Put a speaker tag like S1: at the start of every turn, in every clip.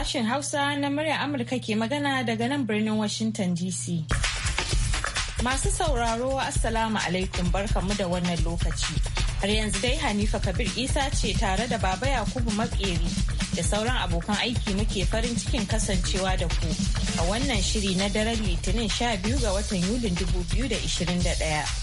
S1: sashen Hausa na murya Amurka ke magana daga nan birnin Washington DC. Masu sauraro Assalamu alaikum barkamu da wannan lokaci. Har yanzu dai Hanifa Kabir Isa ce tare da Baba Yakubu Makeri da sauran abokan aiki muke farin cikin kasancewa da ku a wannan shiri na daren Litinin 12 ga watan Yulin 2021.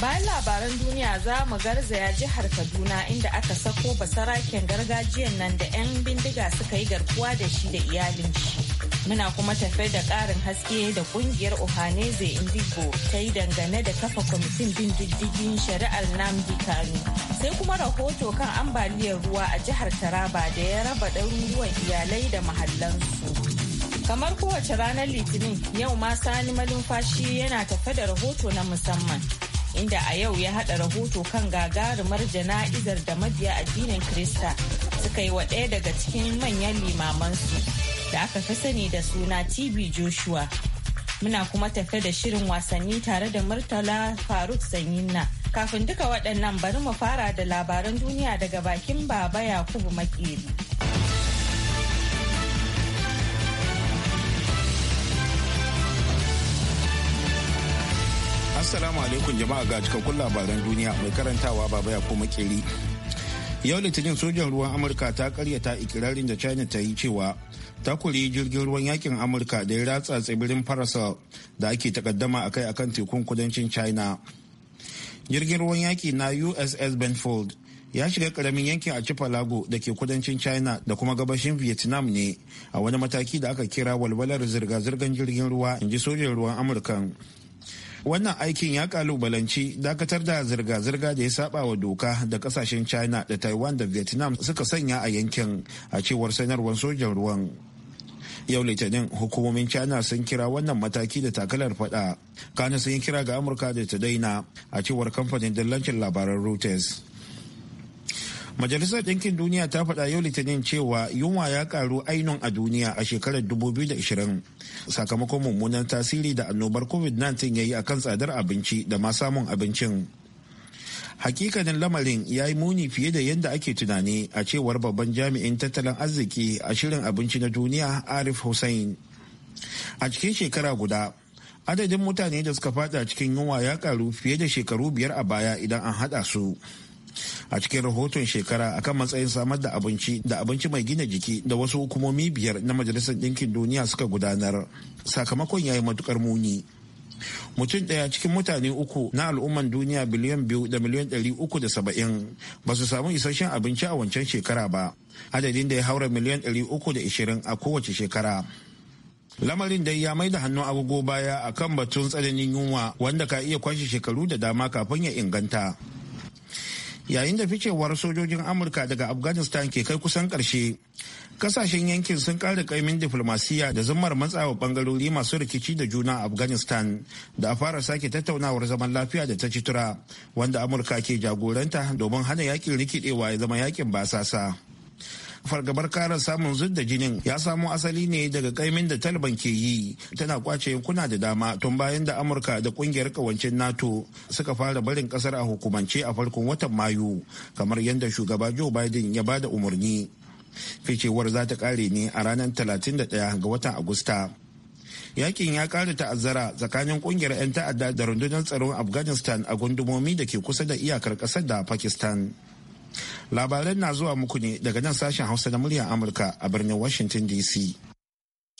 S1: Bayan labaran duniya za mu garzaya jihar Kaduna inda aka sako basaraken gargajiyan nan da 'yan bindiga suka yi garkuwa da shi da iyalin shi. Muna kuma tafe da ƙarin haske da ƙungiyar Ohaneze Indigo ta yi dangane da kafa kwamitin bin diddigin shari'ar Namdi Kano. Sai kuma rahoto kan ambaliyar ruwa a jihar Taraba da ya raba ɗaruruwan iyalai da mahallansu. kamar kowace ranar litinin yau ma sani malumfashi yana tafe da rahoto na musamman inda a yau ya haɗa rahoto kan gagarumar jana'izar da mabiya addinin Krista suka yi wa ɗaya daga cikin manyan limamansu da aka fi sani da suna TV Joshua. Muna kuma tafe da shirin wasanni tare da Murtala Faruk Sanyinna. Kafin duka waɗannan bari mu fara da labaran duniya daga bakin Baba Yakubu
S2: Makeri.
S3: Assalamu alaikum jama'a ga cikakkun labaran duniya mai karantawa baba ya kuma kiri. Yau litinin sojan ruwan Amurka ta karyata ikirarin da China ta yi cewa ta kuri jirgin ruwan yakin Amurka da ya ratsa tsibirin parasol da ake takaddama akai akan tekun kudancin China. Jirgin ruwan yaki na USS Benfold ya shiga karamin yankin a Chipalago da ke kudancin China da kuma gabashin Vietnam ne a wani mataki da aka kira walwalar zirga-zirgar jirgin ruwa in ji sojan ruwan amurka wannan aikin ya kalubalanci dakatar da zirga-zirga da ya saba wa doka da kasashen china da taiwan da vietnam suka sanya a yankin a cewar sanarwar sojan ruwan yau litinin hukumomin china sun kira wannan mataki da takalar fada kana sun yi kira ga amurka da ta daina a cewar kamfanin dillancin labaran reuters Majalisar Ɗinkin Duniya ta faɗa yau Litinin cewa yunwa ya ƙaru ainun a duniya a shekarar 2020 sakamakon mummunan tasiri da annobar COVID-19 ya yi a kan tsadar abinci da ma samun abincin. Hakikanin lamarin ya yi muni fiye da yadda ake tunani a cewar babban jami'in tattalin arziki a shirin abinci na duniya Arif Hussein. A cikin shekara guda, adadin mutane da suka fada cikin yunwa ya karu fiye da shekaru biyar a baya idan an haɗa su. a cikin rahoton shekara akan matsayin samar da abinci da abinci mai gina jiki da wasu hukumomi biyar na majalisar ɗinkin duniya suka gudanar sakamakon ya yi matukar muni mutum ɗaya cikin mutane uku na al'umman duniya biliyan biyu da miliyan ɗari uku da saba'in ba su samu isasshen abinci a wancan shekara ba adadin da ya haura miliyan ɗari uku da ishirin a kowace shekara lamarin dai ya maida hannun agogo baya akan batun tsananin yunwa wanda ka iya kwashe shekaru da dama kafin ya inganta yayin da ficewar sojojin amurka daga afghanistan ke kai kusan karshe kasashen yankin sun ƙara kaimin diflomasiyya da zammar matsawa bangarori masu rikici da juna a afghanistan da a fara sake tattaunawar zaman lafiya da ta citura wanda amurka ke jagoranta domin hana yakin rikidewa ya zama yakin basasa fargabar karar samun zub da jinin ya samo asali ne daga kaimin da taliban ke yi tana kwace yankuna da dama tun bayan da amurka da kungiyar kawancin nato suka fara barin kasar a hukumance a farkon watan mayu kamar yadda shugaba joe biden ya bada umarni ficewar za ta kare ne a ranar 31 ga watan agusta yakin ya kare ta'azzara tsakanin kungiyar 'yan ta'adda da rundunar tsaron afghanistan a gundumomi da ke kusa da iyakar kasar da pakistan Labaran na zuwa muku ne daga nan sashen Hausa na muryar Amurka a birnin Washington DC.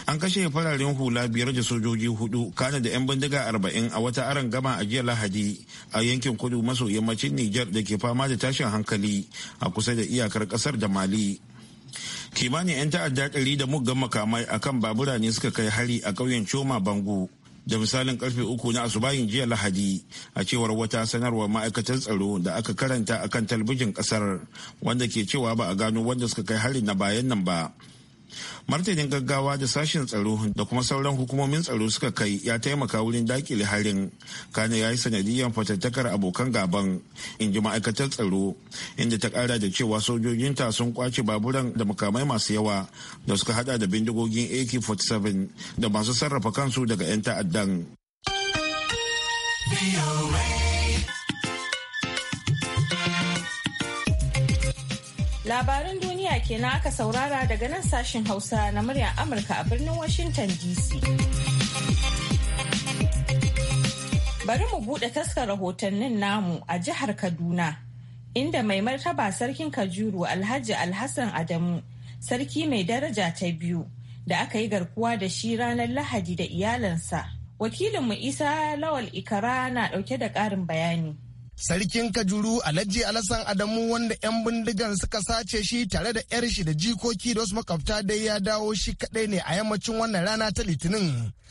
S3: An kashe fararen hula biyar da sojoji hudu kana da 'yan bindiga arba'in a wata aron gama a jiya Lahadi a yankin kudu maso yammacin Nijar da ke fama da tashin hankali a kusa da iyakar kasar da Mali. Kimanin 'yan ta'adda ɗari da muggan makamai akan babura ne suka kai hari a ƙauyen Choma Bango da misalin karfe uku na asubahin jiya lahadi a cewar wata sanarwar ma'aikatar tsaro da aka karanta akan kan talbijin kasar wanda ke cewa ba a gano wanda suka kai hari na bayan nan ba martanin gaggawa da sashen tsaro da kuma sauran hukumomin tsaro suka kai ya taimaka wurin dakile harin kane ya yi sanadiyar fatattakar abokan gaban in ji ma'aikatar tsaro inda ta kara da cewa sojojinta sun kwace baburan da makamai masu yawa da suka hada da bindigogin ak-47 da masu sarrafa kansu daga 'yan ta'addan
S1: labarin kenan aka saurara daga nan sashen Hausa na murya Amurka a birnin Washington DC. Bari mu buɗe taskar rahotannin namu a jihar Kaduna, inda mai martaba sarkin Kajuru Alhaji Alhassan Adamu, sarki mai daraja ta biyu, da aka yi garkuwa da shi ranar Lahadi da iyalansa. Wakilinmu Isa Lawal Ikara na ɗauke da ƙarin bayani.
S4: sarkin kajuru alhaji alasan adamu wanda 'yan bindigan suka sace shi tare da 'yar shi da jikoki da wasu makwabta dai ya dawo shi kadai ne a yammacin wannan rana ta litinin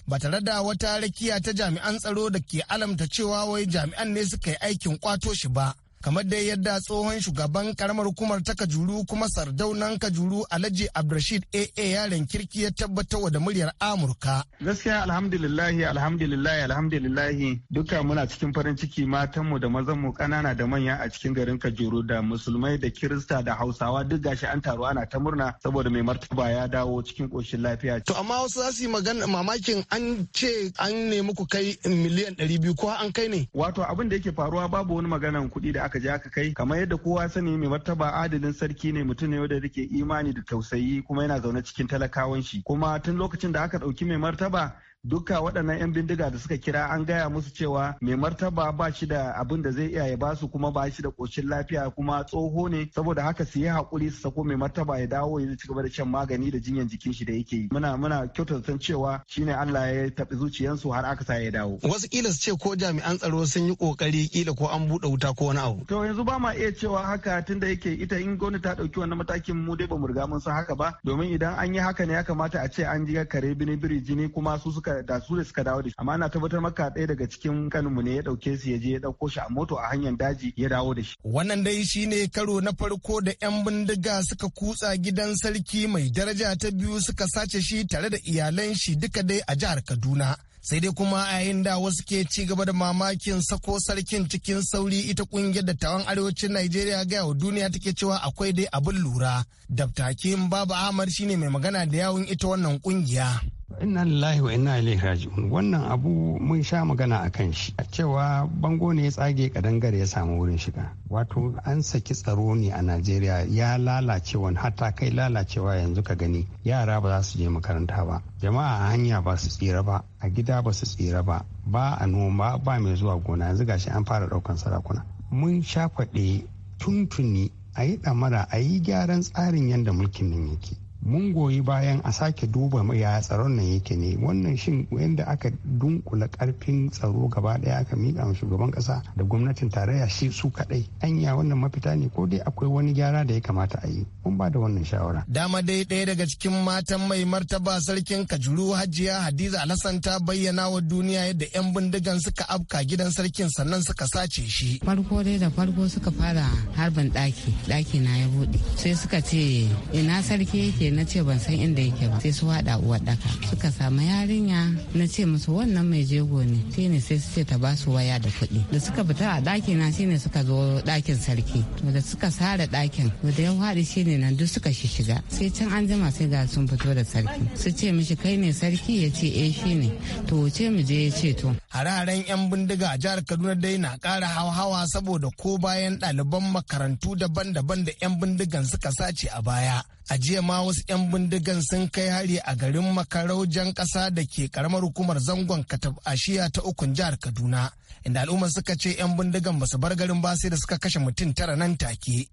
S4: ba tare da wata rakiya ta jami'an tsaro da ke alamta cewa wai jami'an ne suka yi aikin kwato shi ba kamar dai yadda tsohon shugaban karamar hukumar ta kajuru kuma sardaunan kajuru alhaji abdurashid aa yaren kirki ya tabbatar da muryar amurka
S5: gaskiya alhamdulillahi alhamdulillahi alhamdulillahi duka muna cikin farin ciki matanmu da mazanmu kanana da manya a cikin garin kajuru da musulmai da kirista da hausawa duk gashi an taru ana ta murna saboda mai martaba ya dawo cikin koshin lafiya to amma
S4: wasu za su yi magana mamakin
S5: an ce an nemi ku kai miliyan ɗari biyu ko an kai ne wato abin da yake faruwa babu wani maganan kuɗi da aka je aka kai kamar yadda kowa sani mai martaba adalin sarki ne mutum ne wanda yake imani da tausayi kuma yana zaune cikin talakawan shi kuma tun lokacin da aka ɗauki mai martaba duka waɗannan 'yan bindiga da suka kira an gaya musu cewa mai martaba ba shi da abin da zai iya ya basu kuma ba shi da ƙoshin lafiya kuma tsoho ne saboda haka su yi haƙuri su sako mai martaba ya dawo ya ci gaba da shan magani da jinyar jikin shi da yake yi muna muna kyautata san cewa shine Allah ya taɓi zuciyansu har aka sa ya dawo
S4: wasu kila su ce ko jami'an tsaro sun yi ƙoƙari kila ko an
S5: buɗe wuta ko wani abu to yanzu ba ma iya cewa haka tunda yake ita in gwamnati ta ɗauki wannan matakin mu dai ba mu riga mun san haka ba domin idan an yi haka ne ya kamata a ce an ji kare bini biri jini kuma su suka suka da su da suka dawo da shi amma na tabbatar maka ɗaya daga cikin mu ne ya ɗauke su ya je ya ɗauko shi a moto a hanyar daji ya dawo da shi. Wannan dai shi ne karo na farko da 'yan bindiga suka kutsa
S4: gidan sarki mai daraja ta biyu suka sace shi tare da iyalan shi duka dai a jihar Kaduna. sai dai kuma a yayin da wasu ke ci gaba da mamakin sako sarkin cikin sauri ita kungiyar tawan arewacin Najeriya ga yau duniya take cewa akwai dai abin lura. Dabtakin babu Ahmad shine mai magana da yawun ita wannan kungiya.
S6: inna lillahi wa inna ilaihi raji'un wannan abu mun sha magana a kan shi A cewa bango ne ya tsage kadangare ya samu wurin shiga wato an saki tsaro ne a najeriya ya lalace wani hatta kai lalacewa yanzu ka gani yara ba za su je makaranta ba jama'a a hanya ba su tsira ba a gida ba su tsira ba ba a noma ba mai zuwa gona yanzu gashi an fara daukan sarakuna mun sha faɗe tuntuni a yi ɗamara a yi gyaran tsarin yanda mulkin nan yake mun goyi bayan a sake duba ya tsaron nan yake ne wannan shin yadda aka dunkula karfin tsaro gaba daya aka miƙa ma shugaban kasa da gwamnatin tarayya shi su kadai anya wannan mafita ne ko dai akwai wani gyara da ya kamata a yi kun ba da wannan shawara
S4: dama dai ɗaya daga cikin matan mai martaba sarkin kajuru hajiya hadiza alhassan ta bayyana wa duniya yadda yan bindigan suka afka gidan sarkin sannan suka sace shi
S7: farko dai da farko suka fara harbin ɗaki ɗaki na ya buɗe sai suka ce ina sarki yake na ce ban san inda yake ba sai su haɗa uwar daka suka samu yarinya na ce musu wannan mai jego ne sai ne sai su ce ta ba su waya da kuɗi da suka fita a ɗaki na shine suka zo ɗakin sarki to da suka sare ɗakin to da ya shine nan duk suka shiga sai can an jima sai ga sun fito da sarki su ce mishi kai ne sarki ya ce eh shine to wuce mu je ya ce to
S4: hararen yan bindiga a jihar Kaduna dai na kara hauhawa saboda ko bayan ɗaliban makarantu daban-daban da yan bindigan suka sace a baya a jiya ma wasu 'yan bindigan sun kai hari a garin makaraujan ƙasa da ke karamar hukumar zangon katab ashiya ta ukun jihar kaduna inda al'umma suka ce 'yan bindigan basu bar garin ba sai da suka kashe mutum tara nan take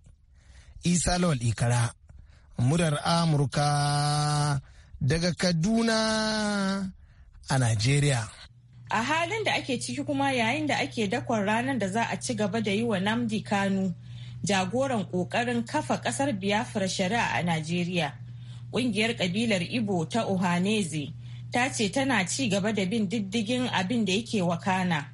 S4: isa lawal ikara murar amurka daga kaduna a najeriya
S1: a halin da ake ciki kuma yayin da ake dakon ranar da za a ci gaba da yi wa namdi kanu jagoran kokarin kafa kasar biafra shari'a a najeriya kungiyar kabilar ibo ta ohaneze ta ce tana ci gaba da bin diddigin abin da yake wakana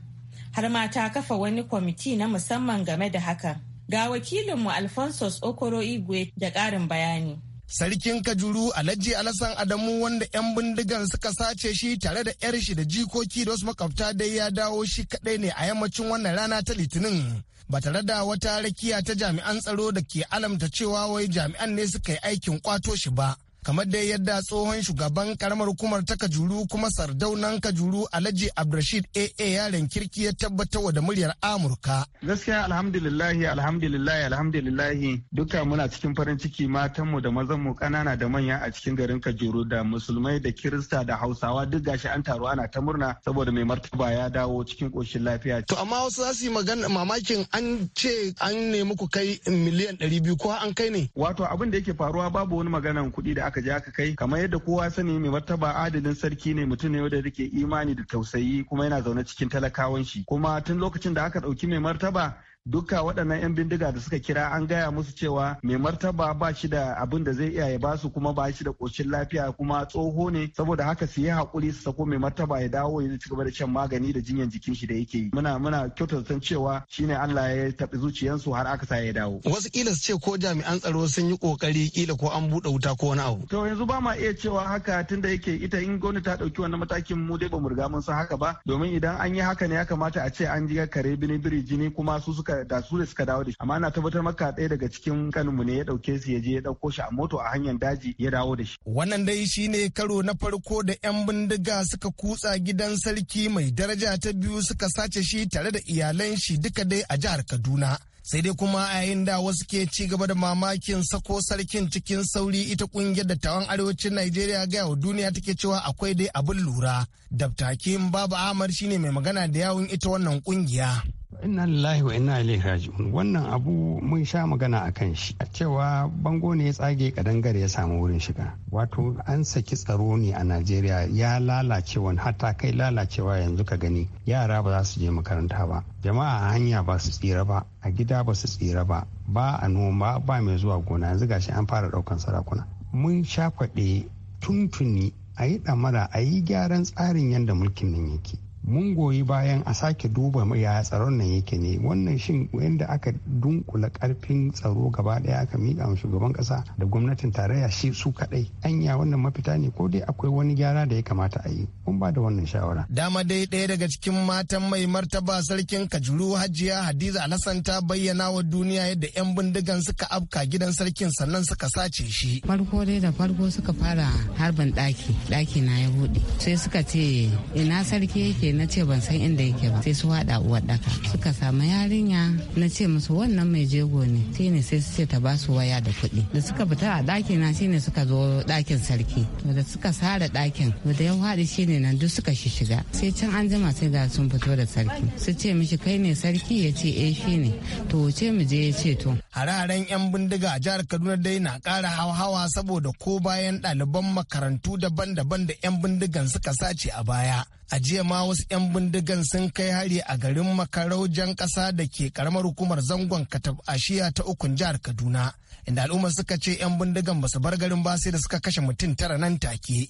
S1: har ma ta kafa wani kwamiti na musamman game da hakan ga wakilinmu alfonso okoro igwe da ƙarin bayani
S4: sarkin kajuru alhaji alasan adamu wanda 'yan bindigan suka sace shi tare da 'yar shi da jikoki da wasu makwabta dai ya dawo shi kadai ne a yammacin wannan rana ta litinin ba tare da wata rakiya ta jami'an tsaro da ke alamta cewa wai jami'an ne suka yi aikin kwato shi ba kamar dai yadda tsohon shugaban karamar hukumar ta kajuru kuma sardaunan kajuru alhaji abdurashid aa yaren kirki ya tabbatarwa da muryar amurka
S5: gaskiya alhamdulillahi alhamdulillahi alhamdulillahi duka muna cikin farin ciki matanmu da mazan mu kanana da manya a cikin garin kajuru da musulmai da kirista da hausawa duk gashi an taru ana ta murna saboda mai martaba ya dawo cikin koshin lafiya to
S4: amma wasu za su yi magana mamakin
S5: an ce an nemi ku kai miliyan ɗari biyu ko an kai ne wato abin da yake faruwa babu wani maganan kuɗi da aka je aka kai kamar yadda kowa sani mai martaba adalin sarki ne mutum ne wanda yake imani da tausayi kuma yana zaune cikin talakawan shi kuma tun lokacin da aka ɗauki mai martaba duka waɗannan 'yan bindiga da suka kira an gaya musu cewa mai martaba ba shi da abin da zai iya ya basu kuma ba shi da ƙoshin lafiya kuma tsoho ne saboda haka su yi haƙuri su sako mai martaba ya dawo ya ci gaba da shan magani da jinyan jikin shi da yake yi muna muna kyautata cewa shine Allah ya taɓi zuciyansu har aka sa ya dawo wasu kila su ce ko jami'an tsaro sun yi kokari kila ko an buɗe wuta ko wani abu to yanzu ba ma iya cewa haka tunda yake ita in gwamnati ta ɗauki wannan matakin mu dai mu riga mun san haka ba domin idan an yi haka ne ya kamata a ce an ji kare bini biri jini kuma su suka suka da su ne suka dawo da shi amma na tabbatar maka ɗaya daga cikin kanmu ne ya ɗauke su ya je ya ɗauko shi a moto a hanyar daji ya dawo da shi. Wannan dai shi ne karo na farko da 'yan bindiga suka kutsa
S4: gidan sarki mai daraja ta biyu suka sace shi tare da iyalan shi duka dai a jihar Kaduna. sai dai kuma a yayin da wasu ke ci gaba da mamakin sako sarkin cikin sauri ita kungiyar da tawan arewacin Najeriya ga wa duniya take cewa akwai dai abin lura. Dabtakin babu Ahmad shine mai magana da yawun ita wannan kungiya.
S6: inna lillahi wa inna ilaihi raji'un wannan abu mun sha magana a kan shi a cewa bango ne ya tsage kadangare ya samu wurin shiga wato an saki tsaro ne a najeriya ya lalacewa hatta kai lalacewa yanzu ka gani yara ba za su je makaranta ba jama'a a hanya ba su tsira ba a gida ba su tsira ba ba a noma ba mai zuwa gona yanzu gashi an fara daukan sarakuna mun sha faɗe tuntuni a yi ɗamara a yi gyaran tsarin yadda mulkin nan yake mun goyi bayan a sake duba ya tsaron nan yake ne wannan shin yadda aka dunkula karfin tsaro gaba daya aka miƙa wa shugaban kasa da gwamnatin tarayya shi su kadai anya wannan mafita ne ko dai akwai wani gyara da ya kamata a yi kun ba da wannan shawara
S4: dama dai ɗaya daga cikin matan mai martaba sarkin kajuru hajiya hadiza alhassan ta bayyana wa duniya yadda yan bindigan suka afka gidan sarkin sannan suka sace shi
S7: farko dai da farko suka fara harban ɗaki ɗaki na ya buɗe sai suka ce ina sarki yake na ce ban san inda yake ba sai su haɗa uwarɗaka suka samu yarinya na ce musu wannan mai jego ne sai sai su ce ta ba su waya da kuɗi da suka fita a ɗaki na shine suka zo ɗakin sarki da suka sare ɗakin da ya haɗi shine nan duk suka shiga sai can an jima sai ga sun fito da sarki su ce mishi kai ne sarki ya ce eh shi to wuce mu je ya ce to
S4: hararen yan bindiga a jihar kaduna dai na kara hauhawa saboda ko bayan ɗaliban makarantu daban-daban da yan bindigan suka sace a baya a jiya ma wasu 'yan bindigan sun kai hari a garin makaraujan ƙasa da ke karamar hukumar zangon katab ashiya ta ukun jihar kaduna inda al'umma suka ce 'yan bindigan basu bar garin ba sai da suka kashe mutum tara nan take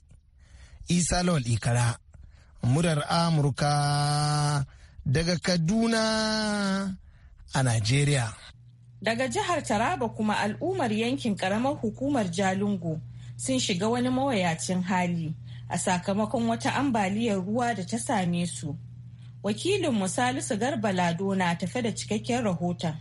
S4: isa lawal ikara murar amurka daga kaduna a nigeria.
S1: daga jihar taraba kuma al'ummar yankin karamar hukumar jalingo sun shiga wani mawayacin hali a sakamakon wata ambaliyar ruwa da ta same su. Wakilin Salisu Garba Lado na tafe da cikakken rahoton.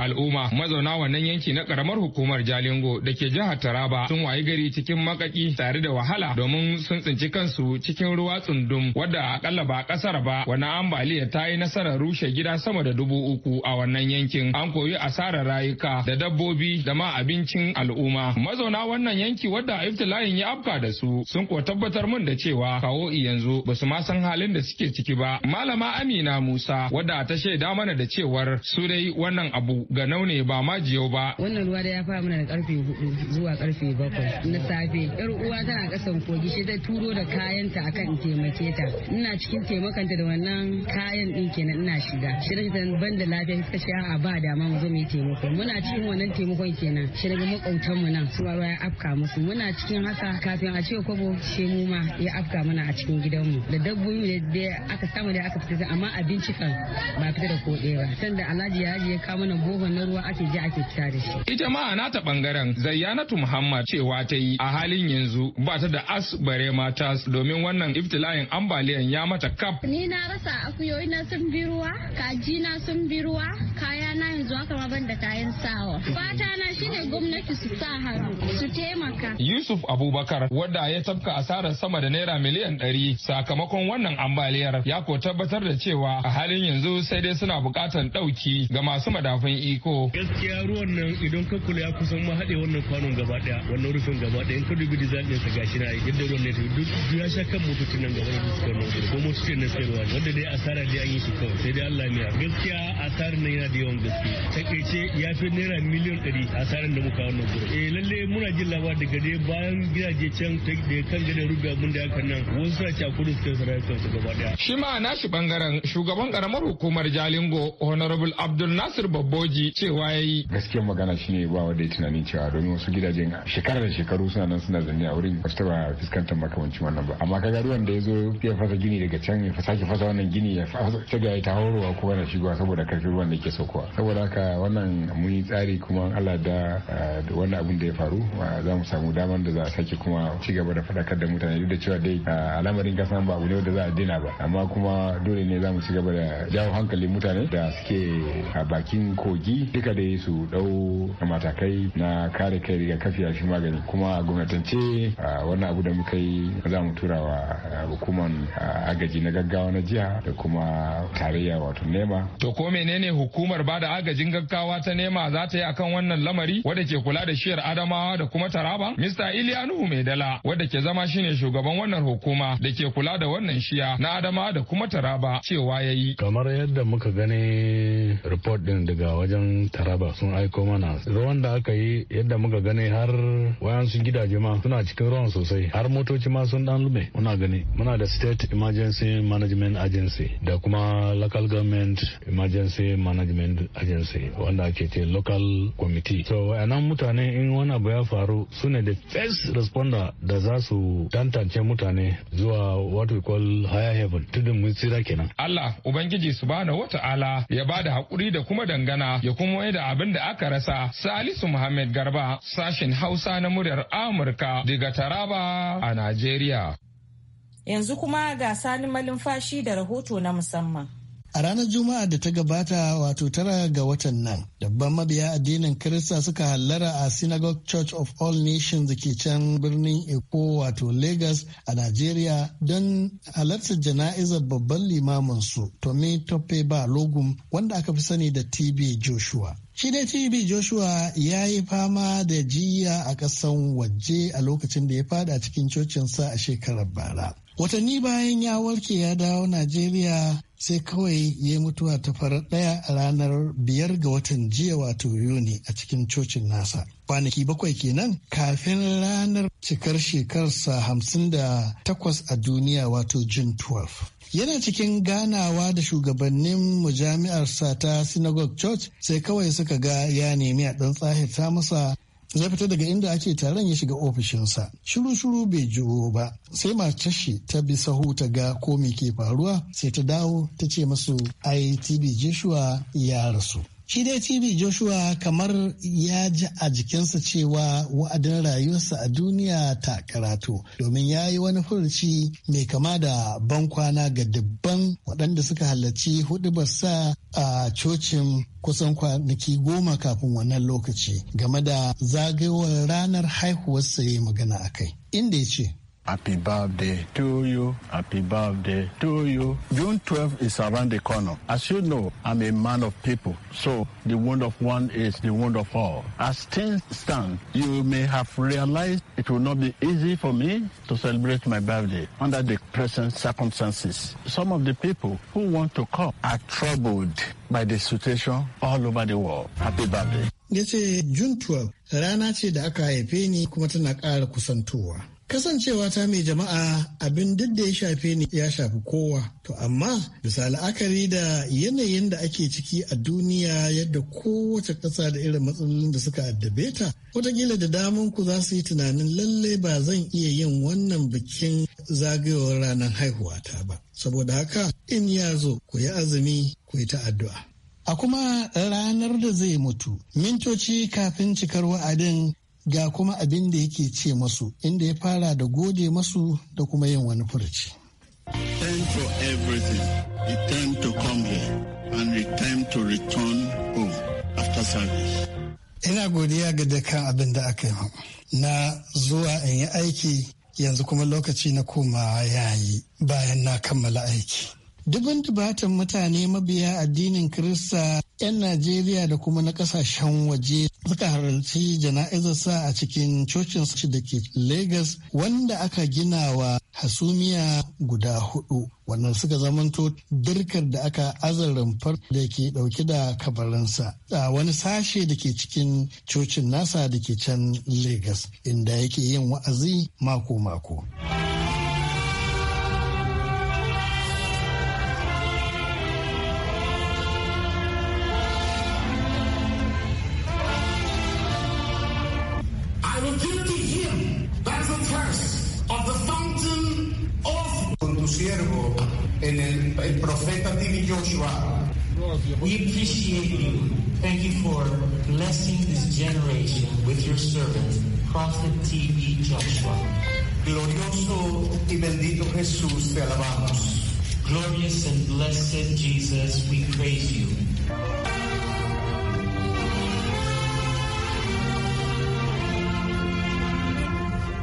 S8: Al'umma mazauna wannan yanki na karamar hukumar Jalingo da ke jihar Taraba sun wayi gari cikin makaki tare da wahala domin sun tsinci kansu cikin ruwa tsundum wadda akalla ba kasar ba wani ambaliya ta yi nasarar rushe gida sama da dubu uku a wannan yankin an koyi asarar rayuka da dabbobi da ma abincin al'umma. Mazauna wannan yanki wadda iftilayin ya afka da su sun ko tabbatar mun da cewa kawo yanzu ba su ma san halin da suke ciki ba. Malama Amina Musa wadda ta shaida mana da cewar su dai wannan abu ga naune ba ma jiyau ba.
S7: Wannan ruwa da ya fara mana da karfe hudu zuwa karfe bakwai na safe. Yar uwa tana kasan kogi shi ta turo da kayanta akan taimake ta. Ina cikin taimakanta da wannan kayan din kenan ina shiga. Shi da ban da lafiya suka ce a ba dama mu zo mu taimako. Muna cikin wannan taimakon kenan. Shi daga makwautan mu nan su ruwa ya afka musu. Muna cikin haka kafin a ce kobo shi mu ma ya afka mana a cikin gidanmu. Da dabbobi da aka samu da aka fita amma abinci kan ba fita da ko ɗaya ba. Sanda Alhaji ya je ya kawo mana boho na ruwa ake ji ake fita da shi.
S8: Ita ma a nata bangaren Zayyanatu Muhammad cewa ta yi a halin yanzu ba ta da as bare mata domin wannan iftila'in ambaliyan ya mata kaf.
S7: Ni na rasa akuyoyi na sun bi ruwa, kaji na sun bi ruwa,
S6: kaya na yanzu haka ma ban da kayan sawa. Fata na shine gwamnati su sa hannu su taimaka.
S8: Yusuf Abubakar wadda ya tabka asarar sama da naira miliyan ɗari sakamakon wannan ambaliyar ya ko tabbatar da cewa a halin yanzu sai dai suna buƙatar ɗauki ga masu madafun iko.
S9: Gaskiya ruwan nan idan ka kula ya kusan ma haɗe wannan kwanon gaba ɗaya wannan rufin gaba ɗaya in ka dubi design sa gashi na yadda ruwan ne duk ya sha kan motocin nan gaba da suka nuna ko motocin na sayarwa wanda dai asara dai an yi shi kawai sai dai Allah ne gaskiya asarar nan yana da yawan gaske takaice ya fi naira miliyan ɗari asarar da muka wannan gurin. Eh lalle muna jin labar daga dai bayan gidaje can da kan gadon ruga mun da hakan nan wasu sa ci a kudu suka sarar kansu gaba
S8: ɗaya. Shi ma nashi bangaren shugaban karamar hukumar Jalingo Honorable Abdul Nasir Babboji sojoji cewa ya yi. Gaskiyar magana shine ba wadda ya tunanin cewa domin wasu gidajen shekara da shekaru suna nan suna zanne a wurin ba su taba fuskantar makamancin wannan ba. Amma kaga ruwan da ya zo ya fasa gini daga can ya sake fasa wannan gini ya fasa ya ta haurowa ko yana shigowa saboda karfin ruwan da ke saukowa. Saboda haka wannan mun yi tsari kuma Allah eh, da wannan abun da ya faru eh, za mu samu damar da za a sake kuma ci gaba da faɗakar da mutane duk da cewa dai eh, al'amarin kasan ba abu ne wanda za a daina ba amma kuma dole ne za mu ci gaba da jawo hankalin mutane da suke a bakin kogi kogi duka dai su dau matakai na kare kai daga kafiya shi magani kuma gwamnatance wannan abu da muka yi za mu tura wa hukumar agaji na gaggawa na jiya da kuma tarayya wato nema to ko menene hukumar bada agajin gaggawa ta nema za ta yi akan wannan lamari wadda ke kula da shiyar adamawa da kuma taraba mr iliya nuhu mai dala wadda ke zama shine shugaban wannan hukuma da ke kula da wannan shiya na adamawa da kuma taraba cewa ya yi kamar yadda muka gani report din daga wajen taraba sun aiko mana ruwan da aka yi yadda muka gani har wayansu
S10: gidaje ma suna cikin ruwan sosai har motoci ma sun dan lume muna gani muna da state emergency management agency da kuma local government emergency management agency wanda ake ce local committee so wayannan mutane in wani abu ya faru su ne da first responder da za su tantance mutane zuwa what we call higher heaven tudun mun tsira kenan
S8: Allah ubangiji subhanahu wata'ala ya ba da haƙuri da kuma dangana ya kuma mai da abin da aka rasa salisu muhammad garba sashen hausa na muryar amurka daga taraba a najeriya
S1: yanzu kuma ga sani fashi da rahoto na musamman
S10: A ranar Juma'a da ta gabata wato tara ga watan nan, dabban mabiya addinin Kirista suka hallara a Synagogue Church of All Nations da ke can birnin Eko wato Lagos a Najeriya don halartar jana'izar babban limaminsu Tommy Tope Ba Logum wanda aka fi sani da TB Joshua. Shi dai TB Joshua ya yi fama da jiya a ƙasan waje a lokacin da ya fada cikin cocinsa a shekarar bara. Watanni bayan ya warke ya dawo Najeriya sai kawai ya mutuwa ta farar ɗaya a ranar biyar ga watan jiya wato yuni a cikin cocin nasa kwanaki bakwai kenan kafin ranar cikar shekarsa hamsin da takwas a duniya wato june 12 yana cikin ganawa da shugabannin mujami'arsa ta synagogue church sai kawai suka ga ya nemi a ɗan tsahirta masa ya fita daga inda ake taron ya shiga ofishinsa shiru-shiru bai juwo ba sai matar shi ta bi sahu ta ga ko me ke faruwa sai ta dawo ta ce masu ai tb joshua ya rasu Shi dai TV Joshua kamar ya ji a jikinsa cewa wa'adin rayuwarsa a duniya ta karatu domin ya yi wani furci mai kama da ban kwana ga dubban waɗanda suka halarci hudubarsa a cocin kusan kwanaki goma kafin wannan lokaci game da zagayowar ranar haihuwarsa ya magana a kai. Inda ya ce, Happy birthday to you. Happy birthday to you. June 12 is around the corner. As you know, I'm a man of people. So the wound of one is the wound of all. As things stand, you may have realized it will not be easy for me to celebrate my birthday under the present circumstances. Some of the people who want to come are troubled by the situation all
S2: over the world. Happy birthday.
S10: This is June 12 rana ce da aka haife ni kuma tana ƙara kusantowa. Kasancewa ta mai jama'a abin duk da ya shafe ni ya shafi kowa. To amma misali, la'akari da yanayin da ake ciki a duniya yadda kowace ƙasa da irin matsalolin da suka addabe ta. Wataƙila da damun ku za su yi tunanin lallai ba zan iya yin wannan bikin zagayowar ranar haihuwata ba. Saboda haka in ya zo ku yi azumi ku yi ta addu'a. A kuma ranar da zai mutu, mintoci kafin cikar wa'adin ga kuma abin da yake ce masu inda ya fara da gode masu da kuma yin wani furci Thank for everything. time to come here and time to return home
S2: after service.
S10: Ina godiya ga dukkan abin da aka yi na zuwa in yi aiki yanzu kuma lokaci na komawa yayi bayan na kammala aiki. dubin dubatan mutane mabiya addinin Kirista 'yan Najeriya da kuma na kasashen waje suka halarci jana'izarsa a cikin cocin su da ke Legas wanda aka gina wa hasumiya guda hudu. Wannan suka zamanto dirkar da aka aza rumfar da ke dauke da kabarinsa a wani sashe da ke cikin cocin nasa da ke can Legas inda yake yin wa'azi mako-mako.
S11: will give to him the of the fountain of.
S6: Con tu siervo,
S11: en el, el profeta Joshua, we appreciate you. Thank you for
S9: blessing this generation with your servant, Prophet TV Joshua. Glorioso y bendito Jesús, te alabamos.
S2: Glorious and blessed Jesus, we praise you.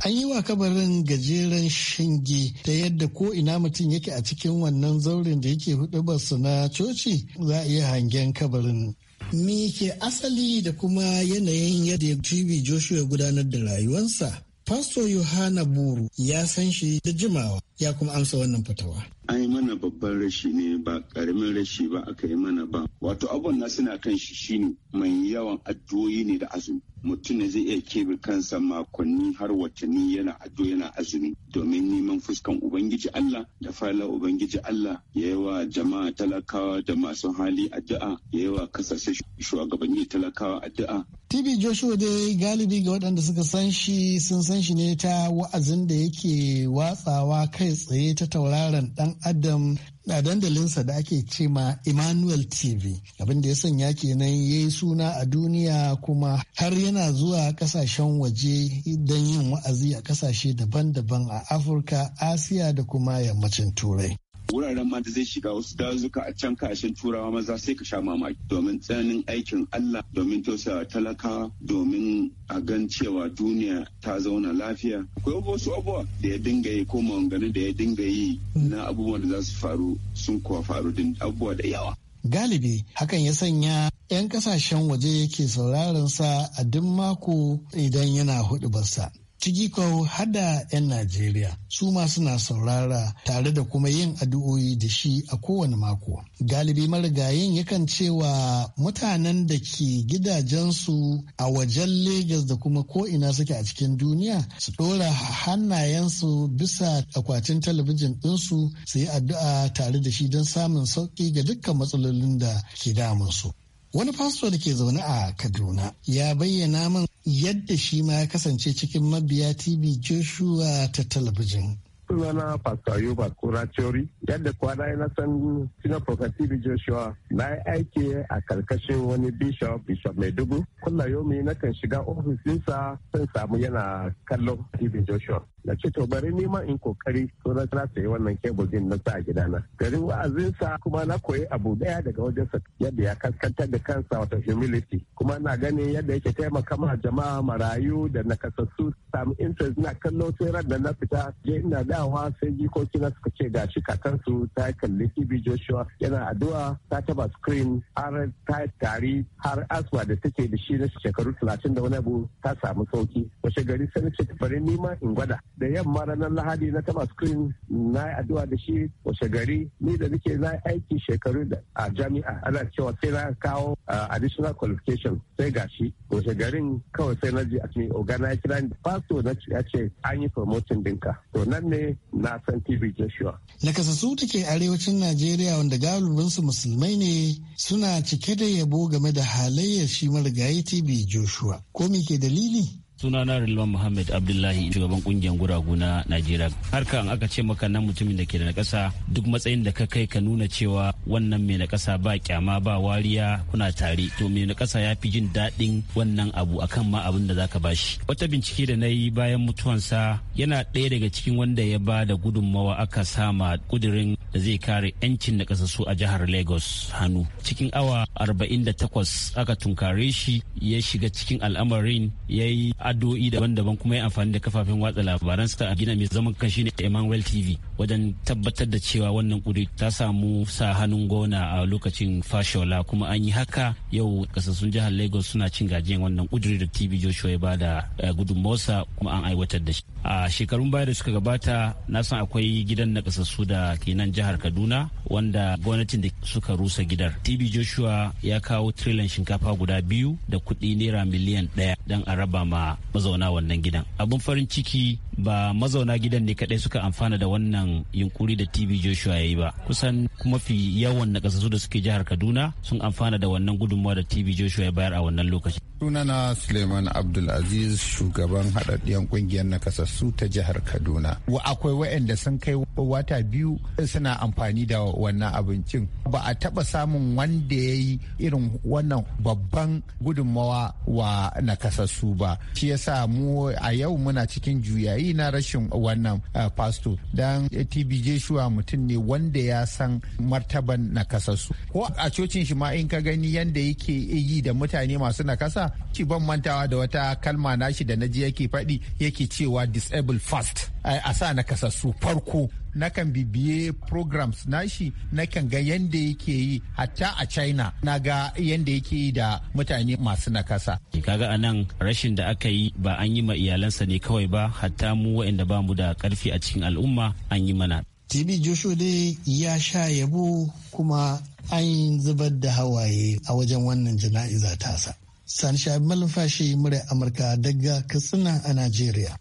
S10: an yi wa kabarin gajeren shinge ta yadda ko ina mutum yake a cikin wannan zauren da yake hudubarsu na coci za a iya hangen kabarin me ke asali da kuma yanayin yadda tv joshua gudanar da rayuwarsa pastor yohana buru ya san shi da jimawa ya kuma amsa wannan fatawa.
S6: An
S5: yi mana babban rashi ne ba ƙaramin rashi ba aka yi mana ba. Wato abun na suna kan shi shine mai yawan addu'o'i ne da azumi. Mutum ne zai iya kebe kansa makonni har watanni yana addu'o'i yana azumi domin neman fuskan Ubangiji Allah da fala Ubangiji Allah ya yi wa jama'a talakawa da masu hali addu'a ya yi wa kasashe shugabanni talakawa addu'a.
S10: TB Joshua dai galibi ga waɗanda suka san shi sun san shi ne ta wa'azin da yake watsawa kai kai tsaye ta tauraron dan adam a dandalinsa da ake cema ma Emmanuel TV abin da ya sanya kenan ya yi suna a duniya kuma har yana zuwa kasashen waje don yin wa'azi a kasashe daban-daban a Afirka, Asiya da kuma yammacin Turai.
S5: wuraren ma da zai shiga wasu dazuka a can kashin turawa maza sai ka sha mamaki domin tsananin aikin Allah domin tausayawa talaka domin a gan cewa duniya ta zauna lafiya akwai wasu abubuwa da ya dinga yi ko maganganu da ya dinga yi na abubuwan da za su faru sun kuwa faru din abubuwa da yawa
S10: galibi hakan ya sanya 'yan kasashen waje yake sauraron sa a duk mako idan yana hudu barsa cigiko har hada 'yan Najeriya su ma suna saurara tare da kuma yin addu'o'i da shi a kowane mako. Galibi marigayin yakan cewa mutanen da ke gidajensu a wajen Legas da kuma ko'ina suke a cikin duniya su ɗora hannayensu bisa akwatin talabijin ɗinsu su yi addu'a tare da shi don samun sauƙi ga dukkan matsalolin da ke damunsu. Wani fasto da ke zaune a Kaduna ya bayyana min yadda shi ma ya kasance cikin mabiya TV Joshua ta talabijin.
S9: sunana Pastor Yuba Kura Chori yadda kwana na san Sina Prophet Joshua na yi aiki a karkashin wani bishop bishop Maiduguri Kullayomi yomi na kan shiga ofisinsa sun samu yana kallon TV Joshua. na ce to bari nima in kokari to na tsara sayi wannan kebul din na sa a na. garin sa kuma na koyi abu daya daga wajen sa. yadda ya kaskantar da kansa wato humility kuma na gani yadda yake taimaka ma jama'a marayu da nakasassu samu interest na kallo sai ran da na fita je ina dawa sai jikoki na suka ce ga gashi kakansu ta kalli TV Joshua yana addu'a ta taba screen har ta tari har asma da take da shi na shekaru talatin da wani abu ta samu sauki wace gari sai na ce bari nima in gwada da yamma ranar lahadi na taba screen na yi addu'a da shi wace gari ni da nake na aiki shekaru a jami'a ana cewa sai na kawo additional qualification sai gashi wace garin kawai sai na ji a cikin ogana ya kira ni fasto na ya ce an yi promoting dinka to nan ne na san tv joshua
S10: nakasassu take arewacin najeriya wanda galibinsu musulmai ne suna cike da yabo game da halayyar shi marigayi tv joshua ko me ke dalili
S2: sunana rilwan muhammad abdullahi shugaban kungiyar guragu na najeriya harka aka ce maka nan mutumin da ke da nakasa duk matsayin da ka kai ka nuna cewa wannan mai nakasa ba kyama ba wariya kuna tare to mai nakasa ya fi jin daɗin wannan abu akan ma abin da zaka bashi wata bincike da na yi bayan mutuwansa yana ɗaya daga cikin wanda ya ba da gudunmawa aka sama kudirin da zai kare 'yancin da kasasu a jihar lagos hannu cikin awa da 48 aka tunkare shi ya shiga cikin al'amarin ya yi addu'o'i daban-daban kuma ya amfani da kafafen watsa labaran sa a gina mai zaman kanshi ne Emmanuel TV wajen tabbatar da cewa wannan kudi ta samu sa hannun gona a lokacin fashola kuma an yi haka yau kasassun jihar Lagos suna cin gajiyan wannan kuduri da TV Joshua ya bada eh, gudunmawarsa kuma an aiwatar da shi. a shekarun baya da suka gabata na san akwai gidan nakasassu da ke nan jihar kaduna wanda gwamnatin da suka rusa gidar tb joshua ya kawo trillion shinkafa guda biyu da kuɗi naira miliyan ɗaya don a raba ma mazauna wannan gidan abin farin ciki ba mazauna gidan ne kadai suka amfana da wannan yunkuri da tv joshua ya yi ba kusan kuma mafi yawan nakasassu da suke jihar kaduna sun amfana da wannan gudunmawa da tv joshua ya bayar a wannan lokaci
S11: sunana suleiman abdulaziz shugaban haɗaɗɗiyar ƙungiyar nakasassu ta jihar kaduna wa akwai wayanda sun kai wata biyu suna amfani da wannan abincin ba a taɓa samun wanda ya yi irin wannan babban gudunmawa wa nakasassu ba shi yasa mu a yau muna cikin juyayi yi na rashin wannan fasto uh, don eh, tb jeshua mutum ne wanda ya san martaban nakasassu ko a cocin shi ma in ka gani yadda yake yi da mutane masu nakasa ki ban mantawa da wata kalma nashi da na ji yake faɗi yake cewa disable fast Eh, a sa na kasassu farko na kan bibiye programs nashi kan ga yadda yake yi hatta a china na ga yadda yake yi da
S2: mutane masu nakasa kaga a nan rashin da aka yi ba an yi ma iyalansa ne kawai ba hatta mu waɗanda ba mu da karfi a cikin al'umma an yi mana
S10: tb joshua dai ya sha yabo kuma an zubar da hawaye a wajen wannan jana'iza tasa sani shabi malumfashi amurka daga katsina a najeriya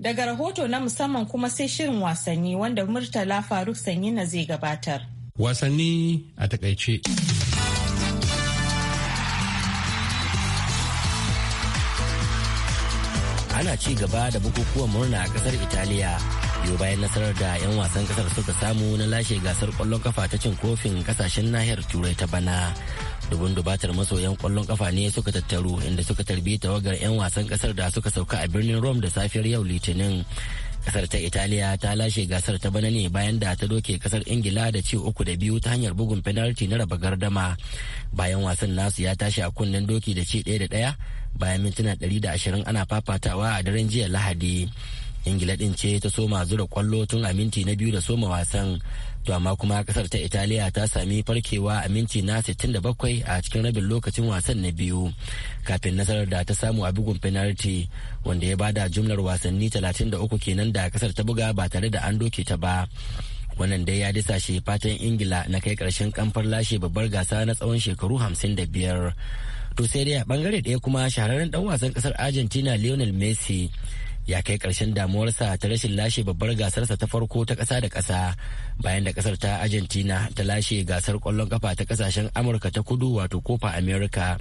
S1: Daga rahoto na musamman kuma sai shirin wasanni wanda Murtala Faruk Sanyina zai gabatar.
S6: Wasanni a takaice.
S12: ana ci gaba da bukukuwan murna a kasar italiya yau bayan nasarar da 'yan wasan kasar suka samu na lashe gasar kwallon kafa ta cin kofin kasashen nahiyar turai ta bana dubun dubatar masoyan kwallon kafa ne suka tattaru inda suka tarbi tawagar 'yan wasan kasar da suka sauka a birnin rome da safiyar yau litinin kasar ta italiya ta lashe gasar ta bana ne bayan da ta doke kasar ingila da ci uku da biyu ta hanyar bugun penalty na raba gardama bayan wasan nasu ya tashi a kunnen doki da ci ɗaya da ɗaya bayan mintuna 120 ana fafatawa a daren jiya lahadi ingila din ce ta soma zura kwallo tun a minti na biyu da soma wasan to amma kuma kasar ta italiya ta sami farkewa a minti na 67 a cikin rabin lokacin wasan na biyu kafin nasarar da ta samu a bugun penalty wanda ya bada jumlar wasanni 33 kenan da kasar ta buga ba tare da an doke ta ba wannan dai ya disa shi fatan ingila na kai karshen kamfar lashe babbar gasa na tsawon shekaru 55 to sai dai a bangare ɗaya kuma shahararren dan wasan kasar argentina lionel messi ya kai ƙarshen damuwarsa ta rashin lashe babbar gasarsa ta farko ta ƙasa da ƙasa bayan da ƙasar ta argentina ta lashe gasar kwallon kafa ta ƙasashen amurka ta kudu wato kofa america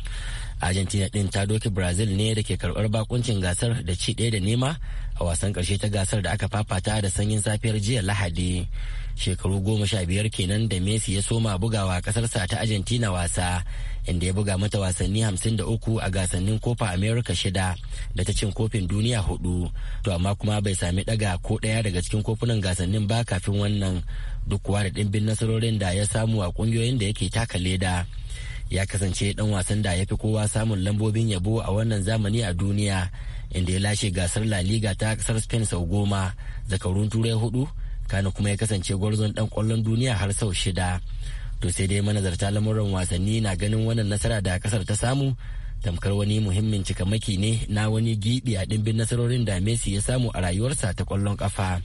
S12: argentina ɗin ta doki brazil ne da ke karɓar bakuncin gasar da ci ɗaya da nema a wasan karshe ta gasar da aka fafata da sanyin safiyar jiya lahadi shekaru goma sha biyar kenan da messi ya soma bugawa ƙasarsa ta argentina wasa inda ya buga mata wasanni hamsin da uku a gasannin kofa america shida da ta cin kofin duniya hudu to amma kuma bai sami daga ko ɗaya daga cikin kofunan gasannin ba kafin wannan duk kuwa da ɗimbin nasarorin da ya samu a ƙungiyoyin da yake taka leda ya kasance ɗan wasan da ya fi kowa samun lambobin yabo a wannan zamani a duniya inda ya lashe gasar La Liga ta kasar Spain sau goma zakarun turai hudu kana kuma ya kasance gwarzon dan kwallon duniya har sau shida. To sai dai manazarta lamuran wasanni na ganin wannan nasara da kasar ta samu tamkar wani muhimmin cikamaki ne na wani gibi a dimbin nasarorin da Messi ya samu a rayuwarsa ta kwallon kafa.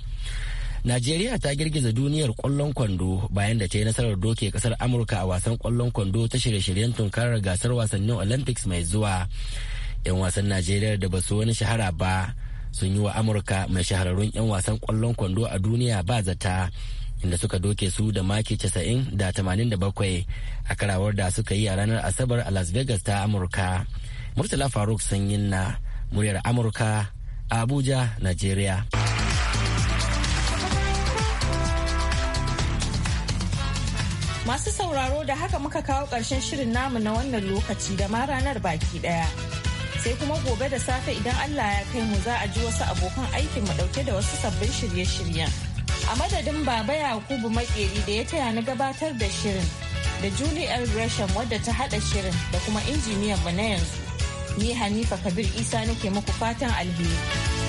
S12: Najeriya ta girgiza duniyar kwallon kwando bayan da ta yi nasarar doke kasar Amurka a wasan kwallon kwando ta shirye-shiryen tunkarar gasar wasannin Olympics mai zuwa. 'yan wasan najeriya da basu wani shahara ba sun yi wa amurka mai shahararrun 'yan wasan kwallon kwando a duniya ba zata inda suka doke su da maki 90 da 87 a karawar da suka yi a ranar asabar a las vegas ta amurka murtala faruk sanyin na muryar amurka abuja Najeriya.
S1: masu sauraro da haka muka kawo ƙarshen shirin namu na wannan lokaci da ma ranar baki ɗaya. sai kuma gobe da safe idan Allah ya kai mu za a ji wasu abokan aikin mu dauke da wasu sabbin shirye-shiryen. A madadin Baba Yakubu Makeri da ya taya ni gabatar da shirin da Julie L. Gresham wadda ta hada shirin da kuma injiniyan mu na yanzu. Ni Hanifa Kabir Isa nake muku fatan alheri.